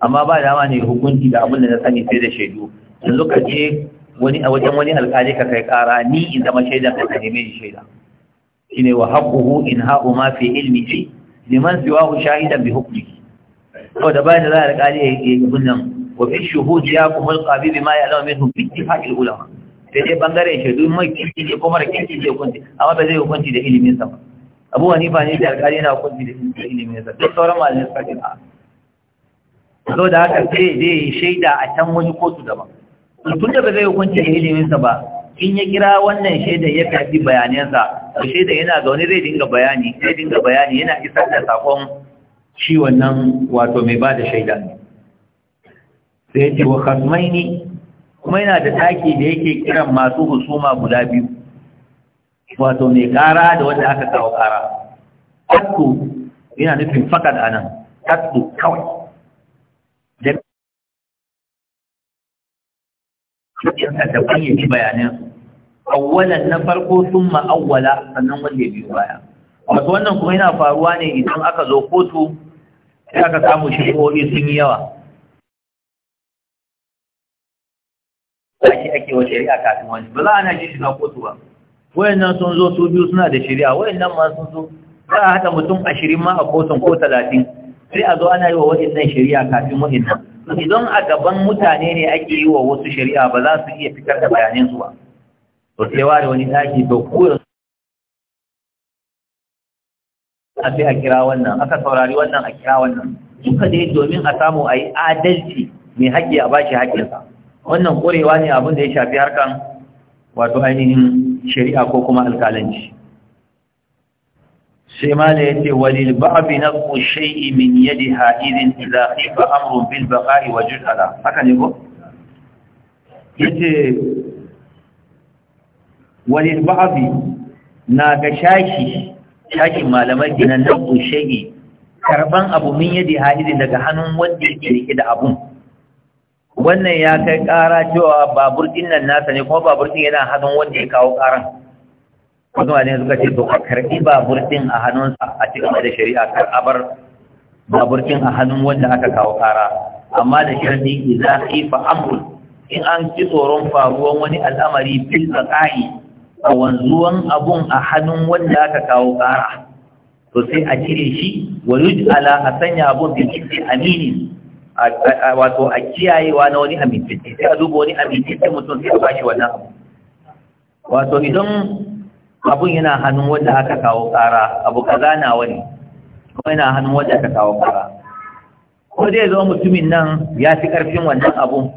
amma ba dama ne hukunci da abin da na sani sai da shaidu yanzu ka je wani a wajen wani alƙali ka kai ƙara ni in zama shaidan ka ka mai ni shaida shine wa haƙuhu in ha'u ma fi ce. liman siwahu shahidan bi hukmihi saboda bayan da za a alƙali ya yi abin nan wa fi shuhud ya kuma alƙabi bi ma ya alama min hun fi haƙil ulama sai dai bangaren shaidu mai kirki ne kuma da kirki zai hukunci amma ba zai hukunci da ilimin sa ba abu wani ba ne da alƙali yana hukunci da ilimin sa duk sauran malamai suka ce a'a zo da haka sai zai yi shaida a can wani kotu daban tun da ba zai yi hukunci da iliminsa ba in ya kira wannan shaida ya karfi bayanansa to shaida yana zaune zai dinga bayani zai dinga bayani yana isar da sakon shi wannan wato mai ba da shaida sai ce wa ne? kuma yana da taki da yake kiran masu husuma guda biyu wato mai kara da wanda aka kawo kara tattu yana nufin a nan, tattu kawai da yanka da bayanan awwalan na farko sun ma'awwala sannan wanda ya biyu baya wato wannan kuma yana faruwa ne idan aka zo kotu sai aka samu shigohi sun yi yawa ake ake wa shari'a kafin wani ba za a na shi shiga kotu ba wayannan sun zo su biyu suna da shari'a wayannan ma sun zo za a haɗa mutum ashirin ma a kotun ko talatin sai a zo ana yi wa wayannan shari'a kafin wayannan idan a gaban mutane ne ake yi wa wasu shari'a ba za su iya fitar da bayanin ba to sai ware wani ɗaki to ko a sai a kira wannan aka saurari wannan a kira wannan duka dai domin a samu a yi adalci mai haƙƙi a bashi haƙƙinsa wannan ƙorewa ne abin da ya shafi harkan wato ainihin shari'a ko kuma alƙalanci sai ma da ya ce walil ba'abi na ƙushai min yadi ha'idin idza khifa amrun bil baqa'i wa juz'ala haka ne ko yace walil ba'abi na ga shashi shakin malamai kenan nan ushegi karban abu min yadi haidin daga hannun wanda yake rike da abun wannan ya kai ƙara cewa babur din nan nasa ne kuma babur din yana hannun wanda ya kawo ƙaran wasu ne suka ce to a karɓi babur din a hannunsa a cikin da shari'a kar a bar babur din a hannun wanda aka kawo ƙara amma da za idza yi amrun in an ci tsoron faruwan wani al'amari bil baqa'i a wanzuwan abun a hannun wanda aka kawo ƙara to sai a cire shi wa yuj'ala a sanya abun da yake amini wato a kiyayewa na wani amintacce sai a duba wani sai mutum sai a shi wannan abu wato idan abun yana hannun wanda aka kawo ƙara abu kaza na wani kuma yana hannun wanda aka kawo ƙara ko zai zo mutumin nan ya fi ƙarfin wannan abun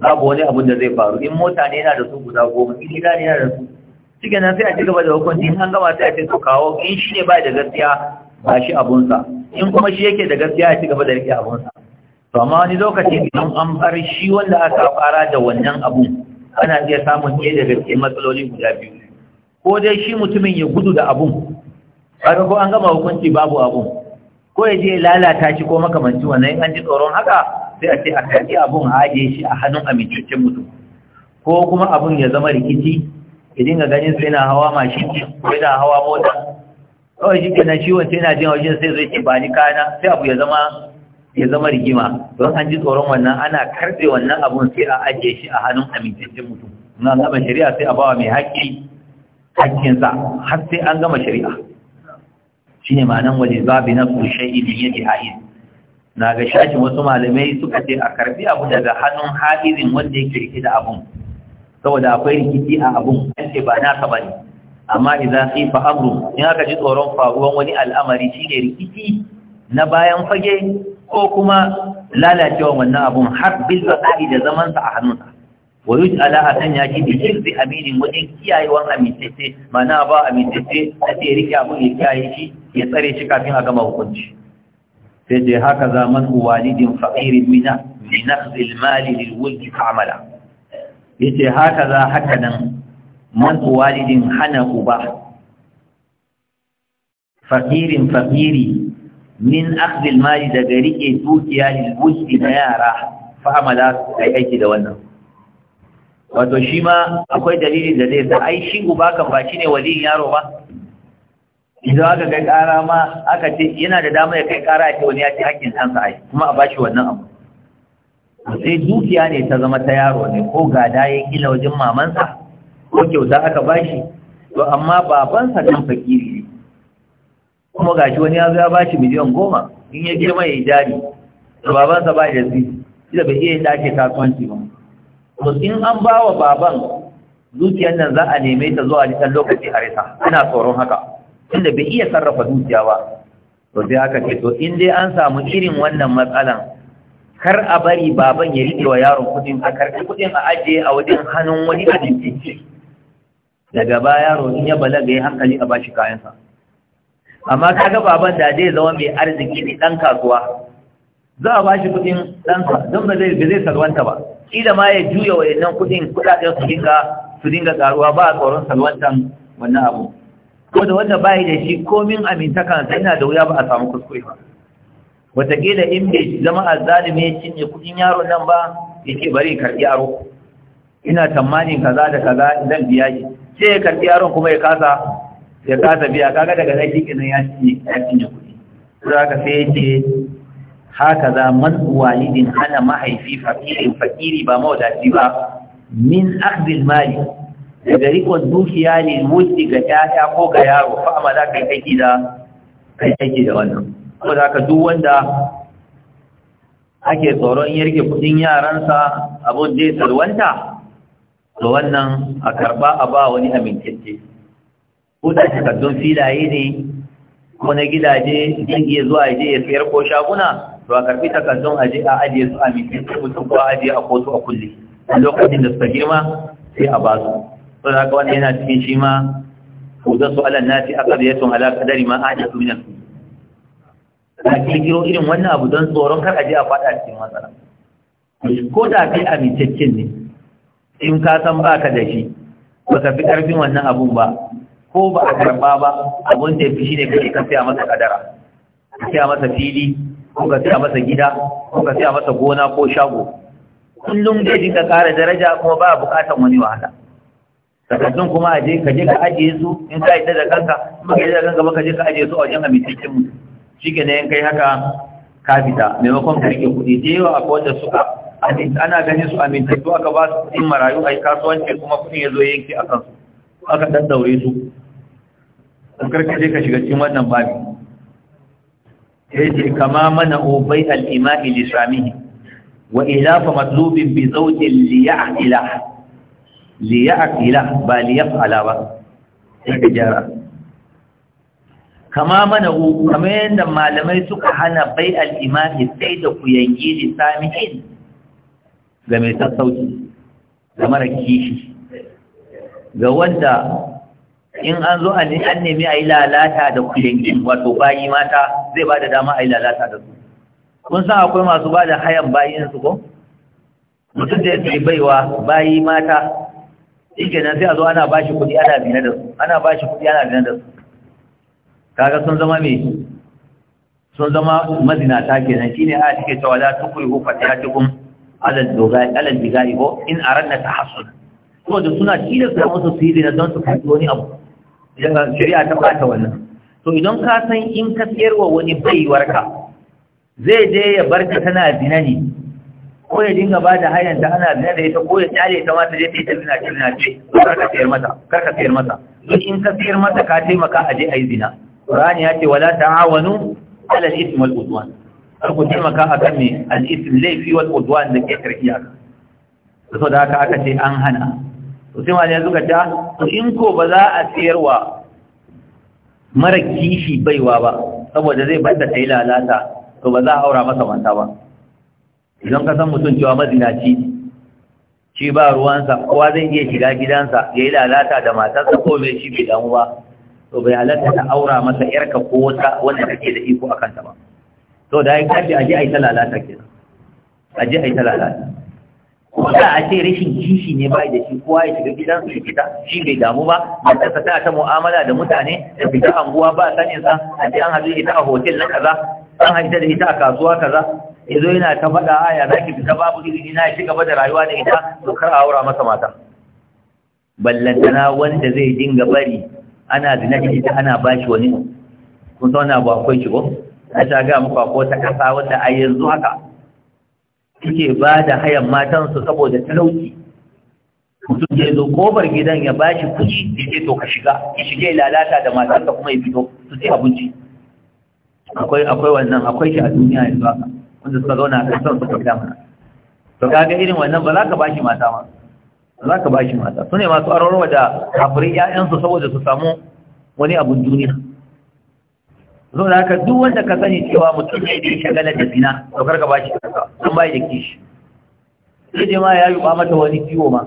babu wani abun da zai faru in mota ne yana da su guda goma in gida ne yana da su shi nan sai a ci gaba da hukunci in an gama sai a ce su kawo in shi ne ba da gaskiya ba shi abunsa in kuma shi yake da gaskiya a ci gaba da rike abunsa to amma wani lokaci idan an bar shi wanda aka fara da wannan abun ana iya samun ɗaya da gaske matsaloli guda biyu ko dai shi mutumin ya gudu da abun ba ko an gama hukunci babu abun ko ya je lalata shi ko makamanci wannan an ji tsoron haka sai a ce a karɓi abun a ajiye shi a hannun amintaccen mutum ko kuma abun ya zama rikici ya dinga ganin sai na hawa mashin ko yana hawa mota kawai shi kenan ciwon sai na jin wajen sai zai ce bani kana sai abu ya zama ya zama rigima don an ji tsoron wannan ana karbe wannan abun sai a ajiye shi a hannun amintaccen mutum an gama shari'a sai a bawa mai haƙƙi haƙƙinsa har sai an gama shari'a shi ne ma'anan waje babi na kushe idin yake ha'iz na ga shashin wasu malamai suka ce a karbi abu daga hannun ha'izin wanda yake rike da abun saboda akwai rikici a abun an ba naka ba ne amma idan sai fa amru in aka ji tsoron faruwan wani al'amari shine rikici na bayan fage ko kuma lalacewa wannan abun har bil ba'i da zaman sa a hannunsa wa yuj'ala hasan ya ji bijir bi aminin wajen kiyayewan amintacce mana ba amintacce a ce rike abun ya kiyaye shi ya tsare shi kafin a gama hukunci sai dai haka zaman walidin faqirin mina min akhdhi al-mali lil wuldi yace haka za haka nan man walidin hana uba fakirin fakiri min akhdhil mali daga rike dukiya ne bushi da yara fa amala ai aiki da wannan wato shi ma akwai dalili da zai sa ai shi uba kan ba shine wali yaro ba idan aka kai kara ma aka ce yana da dama ya kai kara ya ce wani ya ce hakkin sansa ai kuma a bashi wannan abu sai dukiya ne ta zama ta yaro ne ko gada ya kila wajen mamansa ko kyauta aka bashi to amma babansa kan fakiri ne kuma gashi wani ya zo ya bashi miliyan goma in ya girma ya yi jari to babansa ba da zai da bai iya yin dace kasuwanci ba to in an ba wa baban dukiyar nan za a neme ta zuwa a lokaci a risa ina tsoron haka inda bai iya sarrafa dukiya ba to sai haka ce to in dai an samu irin wannan matsalan kar a bari baban ya riƙe wa yaron kuɗin a karɓi kuɗin a ajiye a wajen hannun wani a daga ba yaro in ya balaga ya hankali a bashi kayansa amma kaga baban da zai zama mai arziki ne ɗan kasuwa za a bashi kuɗin ɗansa don ba zai zai salwanta ba kila ma ya juya wa yannan kuɗin kuɗaɗen su dinga su dinga ƙaruwa ba a tsoron salwantan wannan abu ko da wanda bayi da shi komin amintakansa yana da wuya ba a samu kuskure ba wataƙila in bai zama azzalimi ya cinye kudin yaron nan ba ya ce bari karɓi yaro ina tamanin kaza da kaza zan biya shi sai ya karɓi yaron kuma ya kasa ya kasa biya kaga daga nan shi kenan ya cinye ya cinye kuɗi za ka sai ya ce haka za man walidin hana mahaifi fakirin fakiri ba mawadaci ba min akhdil mali daga rikon dukiya ne mutu ga 'ya'ya ko ga yaro fa amma za ka yi aiki da kai aiki da wannan ko da ka duk wanda ake tsoron yarke kudin yaransa abun zai salwanta to wannan a karba a ba wani amintacce ko da takardun filaye ne ko na gidaje din iya zuwa ya je ya sayar ko shaguna to a karbi takardun aje a ajiye su amintacce mutum ko ajiye a kotu a kulle a lokacin da suka girma sai a ba su to da ka wani yana cikin shi ma ko da su alannati aqdiyatun ala qadari ma ajiye su min al a kirkiro irin wannan abu don tsoron kar a je a faɗa cikin matsala ko da kai amintaccen ne in ka san baka da shi baka fi ƙarfin wannan abun ba ko ba a karɓa ba abun da ya fi shi ne kai ka siya masa kadara ka siya masa fili ko ka siya masa gida ko ka siya masa gona ko shago kullum zai dinga ƙara daraja kuma ba a buƙatar wani wahala takardun kuma a je ka je ka ajiye su in ka yi da kanka in ba ka yi da kanka ba ka je ka ajiye su a wajen amintaccen mutum shike ne na kai haka kafita, maimakon ka rike kuɗi da yawa akwai wanda a? ana ganin su amintattu aka ba su kudin marayu a kasuwanci kuma kudi ya zo yanki a kansu aka daddaure su kar ka je ka shiga cikin wannan babi ce kama mana obai al-ima'i li samihi wa ilafa matlubin bi zawjin li ya'ila ba li ba ya ka jara kama mana hu kamar yadda malamai suka hana bai al'imami sai da ku yanki lissami'in ga mai sassauci ga mara kishi ga wanda in an zo an nemi a yi lalata da ku yanki wato bayi mata zai ba da dama a yi lalata da su kun san akwai masu ba da hayan bayinsu ko mutum da ya baiwa bayi mata shi kenan sai a zo ana ba shi ana ana zina da su kaga sun zama me sun zama mazinata kenan shine aya take cewa la tukrihu fatiyatukum ala al-dugai ala al-digai ko in aradna tahassun to da suna tilasta musu su yi da don su kai wani abu idan shari'a ta bata wannan to idan ka san in ka siyarwa wani baiwarka zai je ya bar barka tana zina ne ko ya dinga ba da hanyar da ana zina da ita ko ya tsare ta mata je ta yi zina ce zina ce kar ka siyar mata kar ka siyar mata in ka siyar mata ka taimaka a je a yi zina Qur'ani ya ce wala ta'awanu 'ala al-ithmi wal 'udwan kar ku taimaka akan me al-ithm laifi wal 'udwan da ke tarkiya so da haka aka ce an hana to sai malai suka ta ah, to in ko ba za a tsayarwa mara kishi baiwa ba saboda zai banda ta yi lalata to ba za a aura masa manta ba idan ka san mutum cewa mazinaci ne shi ba ruwansa kowa zai iya shiga gidansa ya yi lalata da matarsa ko mai shi bai damu ba to bai halatta ta aura masa yarka ko wata wanda take da iko a kanta ba to da ya kafi aje a yi ta lalata kenan aje a yi ta lalata ko da a ce rashin kishi ne bai da shi kowa ya shiga gidan su fita shi bai damu ba matarsa ta ta mu'amala da mutane da fita anguwa ba sanin sa a ce an haɗu ita a hotel na kaza an haɗu da ita a kasuwa kaza yazo yana ta faɗa aya ah, zaki fita babu ilimi na shi gaba da rayuwa da ita to kar a aura masa mata ballantana wanda zai dinga bari ana da nake ita ana ba shi wani kun zauna ba akwai shi ko na ta ga muku akwai wata kasa wanda a yanzu haka suke ba da hayan matansu saboda talauci mutum ya zo kofar gidan ya ba shi kuɗi ya ce to ka shiga ya shige lalata da matarsa kuma ya fito su ce abinci akwai akwai wannan akwai shi a duniya yanzu haka wanda suka zauna a kan son ka gida mana to kaga irin wannan ba za ka ba shi mata ma za ka ba shi mata su ne masu ararwa da kafirin 'ya'yansu saboda su samu wani abun duniya zo da haka duk wanda ka sani cewa mutum ne da shagalar da zina to ka ba shi kasa don bai da kishi sai ne ma ya yi ba mata wani ciwo ma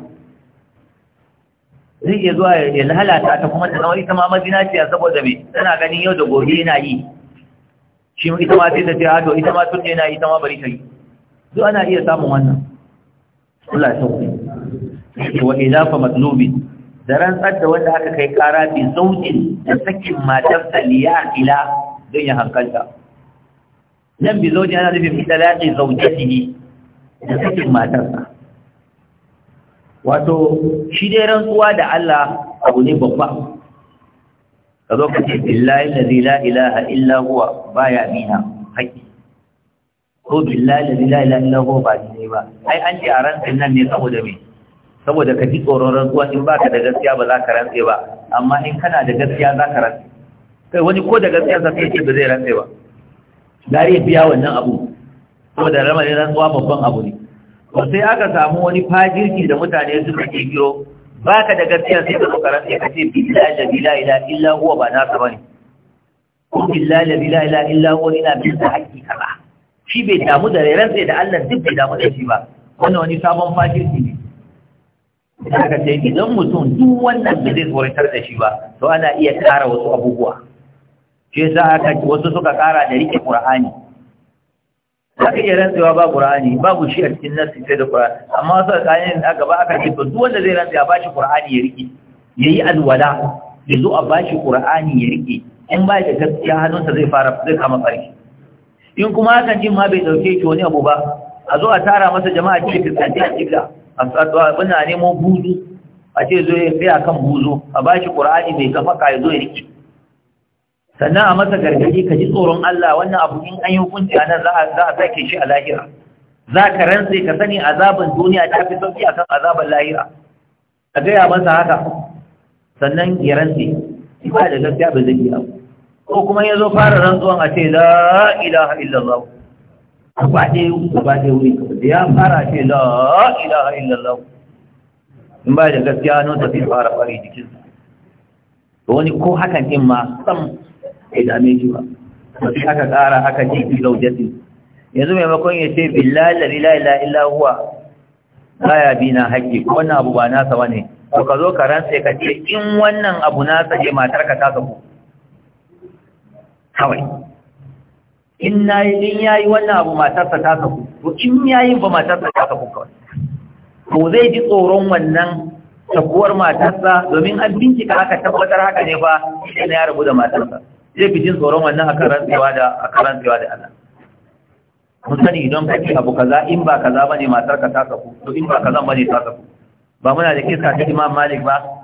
zai iya zuwa ya lalata ta kuma ta zama ita ma mazina ce saboda me tana ganin yau da gobe yana yi shi ita ma sai ta ce ah, ita ma tun yana yi ita ma bari ta yi duk ana iya samun wannan Allah ya sauke wa idafa matlubi da rantsar da wanda aka kai kara bi zaujin da sakin matar saliya ila don ya hankalta nan bi zaujin ana nufin fi talaqi zaujatihi da sakin matarsa wato shi dai rantsuwa da Allah abu ne babba ka zo ka ce billahi allazi la ilaha illa huwa baya bina haƙi ko billahi allazi la ilaha illa huwa ba ne ba ai an ce a rantsin nan ne saboda me saboda ka ji tsoron rantsuwa in baka da gaskiya ba za ka rantse ba amma in kana da gaskiya za ka rantse kai wani ko da gaskiya za ka ce ba zai rantse ba gari biya wannan abu saboda ramarin rantsuwa babban abu ne Ba sai aka samu wani fajirki da mutane su ke Ba baka da gaskiya sai ka suka rantse ka ce billahi la ilaha illa illa huwa ba nasa bane ko billahi la ilaha illa huwa ina bin da haƙiƙa ba shi bai damu da rantse da Allah duk bai damu da shi ba wannan wani sabon fajirki ne da aka ce idan mutum duk wannan da zai tsoratar da shi ba to ana iya kara wasu abubuwa Ke sa aka wasu suka kara da rike qur'ani aka iya rantsewa ba qur'ani babu shi a cikin nasi sai da qur'ani amma wasu alƙalin aka gaba aka ce to duk wanda zai rantse a bashi qur'ani ya rike yayi alwala ya zo a bashi qur'ani ya rike in ba da gaskiya hannunsa zai fara zai kama farki in kuma hakan jin ma bai dauke shi wani abu ba a zo a tara masa jama'a cikin fuskanci a cikin a na nemo buzu a ce zo ya tsaya kan buzu a ba shi ƙur'ani mai kafaka ya zo ya riki sannan a masa gargaɗi ka ji tsoron Allah wannan abu in an yi hukunci a nan za a sake shi a lahira za ka rantse ka sani azabin duniya ta fi sauki akan azabar lahira a gaya masa haka sannan ya rantse ba da gaskiya ba zai yi abu ko kuma ya zo fara rantsuwan a ce la ilaha illallah gaba ɗaya gaba ɗaya da ya fara ce la ilaha illallah in ba da gaskiya nan tafi fara fari jikin to wani ko hakan din ma sam ya dame shi ba sai aka ƙara aka ji ki zaujati yanzu maimakon ya ce billahi la ilaha illa huwa baya bi na haƙƙi wannan abu ba nasa bane to ka zo ka rantsa ka ce in wannan abu nasa ce matar ka ta sabu kawai in na yi in ya yi wannan abu matarsa ta saku to in ya yi ba matarsa ta saku kawai ko zai ji tsoron wannan sakuwar matarsa domin an bincika aka tabbatar haka ne fa sai ya rabu da matarsa zai fi jin tsoron wannan a rantsewa da a rantsewa da Allah mun sani idan kake abu kaza in ba kaza bane matarka ta saku to in ba kaza bane ta saku ba muna da kisa ta Imam Malik ba